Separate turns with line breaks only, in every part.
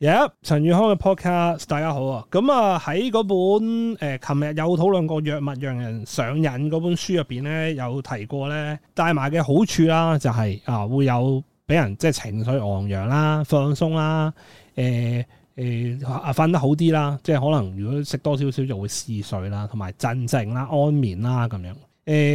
耶！Yeah, 陳宇康嘅 podcast，大家好啊。咁啊喺嗰本誒，琴、呃、日有討論過藥物讓人上癮嗰本書入邊咧，有提過咧帶埋嘅好處啦、就是，就係啊會有俾人即係情緒昂揚啦、放鬆啦、誒誒瞓得好啲啦，即係可能如果食多少少就會嗜睡啦，同埋鎮靜啦、安眠啦咁樣。誒、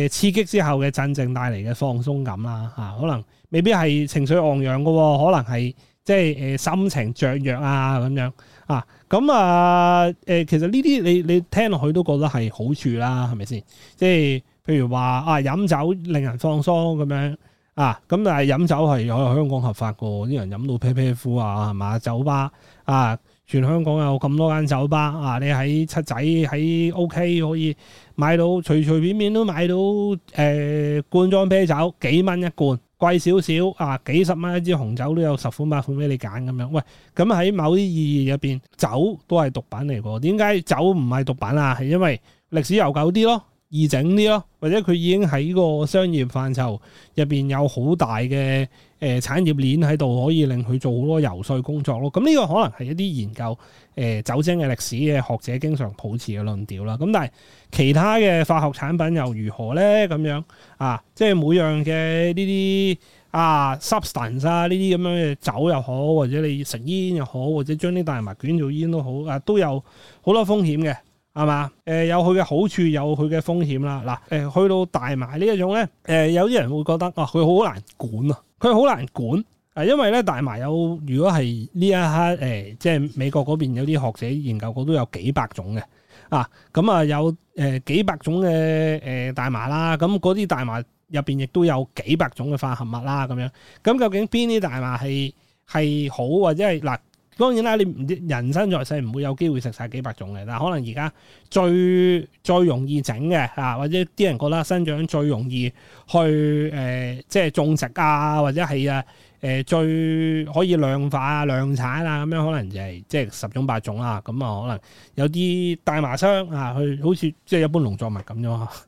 呃、刺激之後嘅鎮靜帶嚟嘅放鬆感啦，嚇、啊、可能未必係情緒昂揚㗎，可能係。即係心情雀躍啊咁樣啊，咁啊，啊其實呢啲你你聽落去都覺得係好處啦，係咪先？即係譬如話啊，飲酒令人放鬆咁樣。啊，咁但係飲酒係喺香港合法嘅，啲人飲到啤啤褲啊，係嘛？酒吧啊，全香港有咁多間酒吧啊，你喺七仔喺 O.K. 可以買到，隨隨便便都買到誒、呃、罐裝啤酒，幾蚊一罐，貴少少啊，幾十蚊一支紅酒都有十款八款俾你揀咁樣。喂，咁喺某啲意義入邊，酒都係毒品嚟嘅。點解酒唔係毒品啊？係因為歷史悠久啲咯。易整啲咯，或者佢已經喺呢個商業範疇入邊有好大嘅誒、呃、產業鏈喺度，可以令佢做好多游說工作咯。咁呢個可能係一啲研究誒、呃、酒精嘅歷史嘅學者經常抱持嘅論調啦。咁但係其他嘅化學產品又如何呢？咁樣啊，即係每樣嘅呢啲啊 substance 啊呢啲咁樣嘅酒又好，或者你食煙又好，或者將啲大麻捲做煙都好啊，都有好多風險嘅。係嘛？誒、呃、有佢嘅好處，有佢嘅風險啦。嗱、呃，誒去到大麻呢一種咧，誒、呃、有啲人會覺得，哦、呃，佢好難管啊！佢好難管啊，因為咧大麻有，如果係呢一刻誒、呃，即係美國嗰邊有啲學者研究過，都有幾百種嘅啊。咁啊，有、呃、誒幾百種嘅誒、呃、大麻啦。咁嗰啲大麻入邊亦都有幾百種嘅化合物啦。咁樣，咁究竟邊啲大麻係係好或者係嗱？呃當然啦，你唔人生在世唔會有機會食晒幾百種嘅，但係可能而家最最容易整嘅啊，或者啲人覺得生長最容易去誒、呃，即係種植啊，或者係啊誒，最可以量化、量產啊，咁樣可能就係、是、即係十種八種啊，咁啊可能有啲大麻商啊，去好似即係一般農作物咁樣，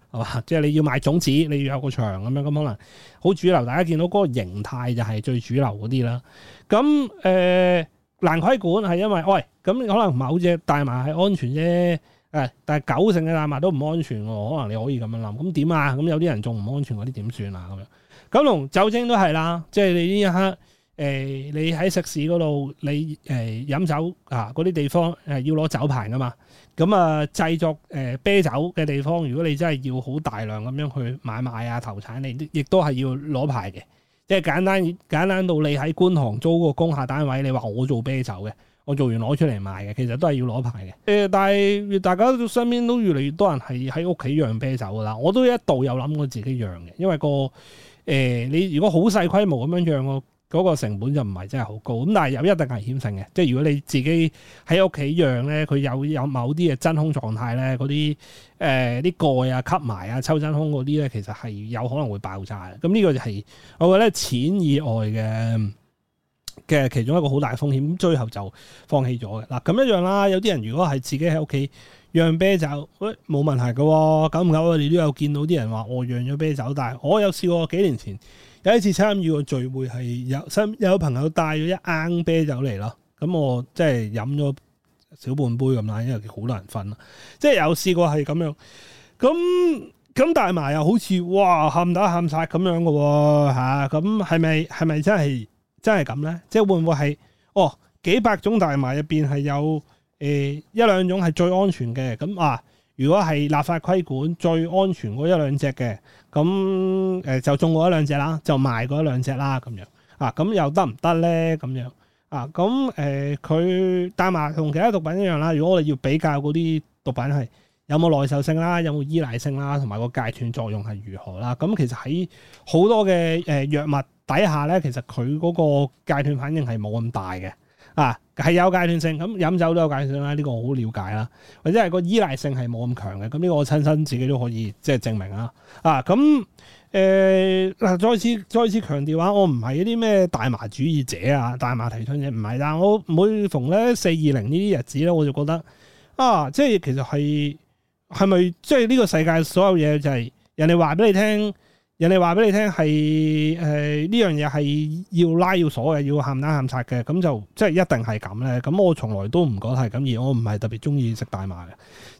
係嘛？即係你要買種子，你要有個場咁樣，咁可能好主流。大家見到嗰個形態就係最主流嗰啲啦。咁誒。呃難規管係因為，喂，咁可能某隻大麻係安全啫，但係九成嘅大麻都唔安全喎，可能你可以咁樣諗，咁點啊？咁有啲人仲唔安全嗰啲點算啊？咁樣咁龍酒精都係啦，即係你呢一刻，你喺食肆嗰度，你誒、呃、飲酒啊嗰啲地方要攞酒牌噶嘛，咁啊製作、呃、啤酒嘅地方，如果你真係要好大量咁樣去買賣啊投產，你亦都係要攞牌嘅。即係簡單，簡單到你喺觀塘租個工廈單位，你話我做啤酒嘅，我做完攞出嚟賣嘅，其實都係要攞牌嘅、呃。但係大家身邊都越嚟越多人係喺屋企釀啤酒㗎啦。我都一度有諗過自己釀嘅，因為個誒、呃，你如果好細規模咁樣釀嗰個成本就唔係真係好高，咁但係有一定危險性嘅，即係如果你自己喺屋企用呢，佢有有某啲嘅真空狀態呢，嗰啲誒啲蓋啊吸埋啊抽真空嗰啲呢，其實係有可能會爆炸嘅。咁呢個就係我覺得錢以外嘅嘅其中一個好大嘅風險，咁最後就放棄咗嘅。嗱，咁一樣啦。有啲人如果係自己喺屋企釀啤酒，喂、哎，冇問題嘅喎。久唔久，你都有見到啲人話我釀咗啤酒，但係我有試過幾年前有一次參與個聚會係有新有朋友帶咗一罌啤酒嚟咯。咁我即係飲咗小半杯咁啦，因為好難瞓咯。即係有試過係咁樣，咁咁但埋又好似哇喊打喊殺咁樣嘅喎嚇。咁係咪係咪真係？真係咁咧？即係會唔會係哦？幾百種大麻入面係有一兩種係最安全嘅咁啊？如果係立法規管最安全嗰一兩隻嘅，咁、呃、就種嗰一兩隻啦，就賣嗰一兩隻啦咁樣啊？咁又得唔得咧？咁樣啊？咁誒佢大麻同其他毒品一樣啦。如果我哋要比較嗰啲毒品係有冇耐受性啦，有冇依賴性啦，同埋個戒斷作用係如何啦？咁其實喺好多嘅誒、呃、藥物底下咧，其實佢嗰個戒斷反應係冇咁大嘅，啊係有戒斷性，咁飲酒都有戒斷性啦，呢、這個我好了解啦，或者係個依賴性係冇咁強嘅，咁呢個我親身自己都可以即係證明啦，啊咁誒、呃，再次再次強調啊，我唔係一啲咩大麻主義者啊、大麻提倡者，唔係，但係我每逢咧四二零呢啲日子咧，我就覺得啊，即係其實係係咪即係呢個世界所有嘢就係人哋話俾你聽？人哋話俾你聽係誒呢樣嘢係要拉要鎖嘅，要喊打喊拆嘅，咁就即係一定係咁咧。咁我從來都唔覺得係咁而，我唔係特別中意食大麻嘅，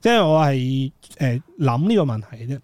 即係我係誒諗呢個問題嘅啫、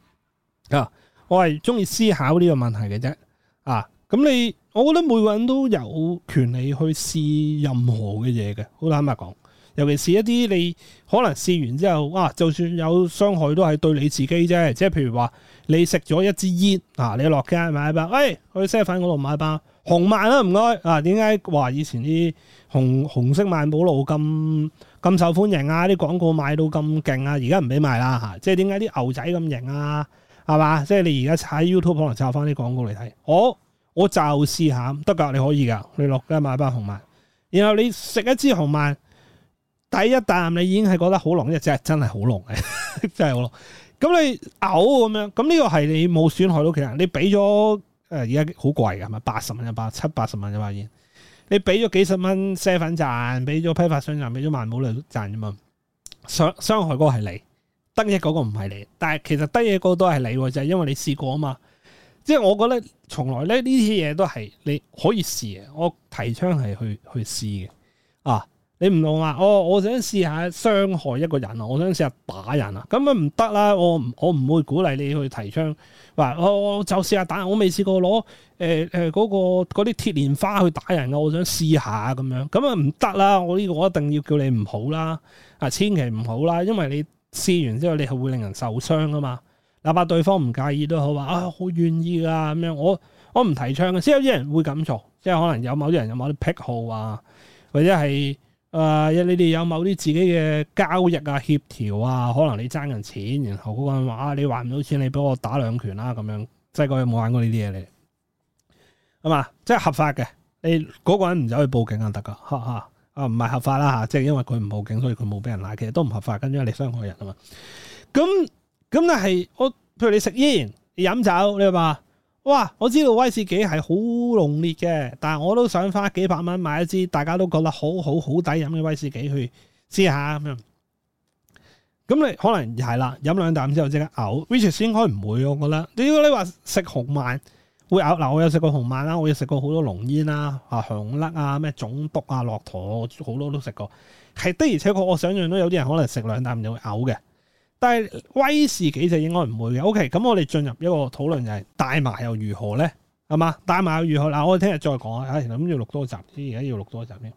啊。啊，我係中意思考呢個問題嘅啫。啊，咁你我覺得每個人都有權利去試任何嘅嘢嘅，好坦白講。尤其是一啲你可能試完之後，哇、啊！就算有傷害都係對你自己啫。即係譬如話，你食咗一支煙，啊！你落街，哎、街買一包，喂，去西粉嗰度買包紅萬啦，唔該。啊，點解話以前啲紅紅色萬寶路咁咁受歡迎啊？啲廣告賣到咁勁啊！而家唔俾賣啦，嚇！即係點解啲牛仔咁型啊？係嘛？即係你而家喺 YouTube 可能抄翻啲廣告嚟睇，我我就試下得㗎，你可以㗎，你落街買包紅萬，然後你食一支紅萬。第一啖你已經係覺得好濃，一隻真係好濃嘅，真係好濃。咁你嘔咁樣，咁呢個係你冇損害到其他人。你俾咗誒而家好貴嘅，係咪八十蚊一包，七八十蚊一包煙？你俾咗幾十蚊啡粉賺，俾咗批發商賺，俾咗萬寶路賺啫嘛？傷傷害嗰個係你，得益嗰個唔係你。但係其實得益嗰個都係你，就係、是、因為你試過啊嘛。即係我覺得從來咧呢啲嘢都係你可以試嘅，我提倡係去去，去試嘅啊。你唔同啊！我我想試下傷害一個人，試試人啊，我想試下打人啊，咁啊唔得啦！我我唔會鼓勵你去提倡，話我我就試下打，我未試過攞，誒誒嗰個嗰啲鐵蓮花去打人啊，我想試下咁樣，咁啊唔得啦！我呢個我一定要叫你唔好啦，啊千祈唔好啦，因為你試完之後你係會令人受傷㗎嘛，哪怕對方唔介意都好話啊好願意㗎咁樣，我我唔提倡嘅，只有啲人會咁做，即係可能有某啲人有某啲癖好啊，或者係。誒、呃，你哋有某啲自己嘅交易啊、協調啊，可能你爭人錢，然後嗰個人話啊，你還唔到錢，你俾我打兩拳啦、啊、咁樣，即係嗰有冇玩過呢啲嘢咧？係咪？即係合法嘅，你嗰個人唔走去報警就哈哈啊得㗎，吓啊唔係合法啦、啊、即係因為佢唔報警，所以佢冇俾人拉，其實都唔合法，跟住你傷害人啊嘛。咁咁但係我，譬如你食煙、飲酒，你話。哇！我知道威士忌係好濃烈嘅，但係我都想花幾百蚊買一支大家都覺得好好好抵飲嘅威士忌去試下咁樣。咁、嗯、你可能係啦，飲兩啖之後即刻嘔。威士忌應該唔會，我覺得。如果你話食紅麥會嘔，嗱我有食過紅麥啦，我有食過好多濃煙啦、啊香粒啊、咩總督啊、駱駝好多都食過。係，的而且確我想象到有啲人可能食兩啖就會嘔嘅。但威士忌就應該唔會嘅，OK。咁我哋進入一個討論就係大麻又如何咧？係嘛，大麻又如何？嗱，我哋聽日再講啊。唉，諗住錄多集先，而家要錄多集咩？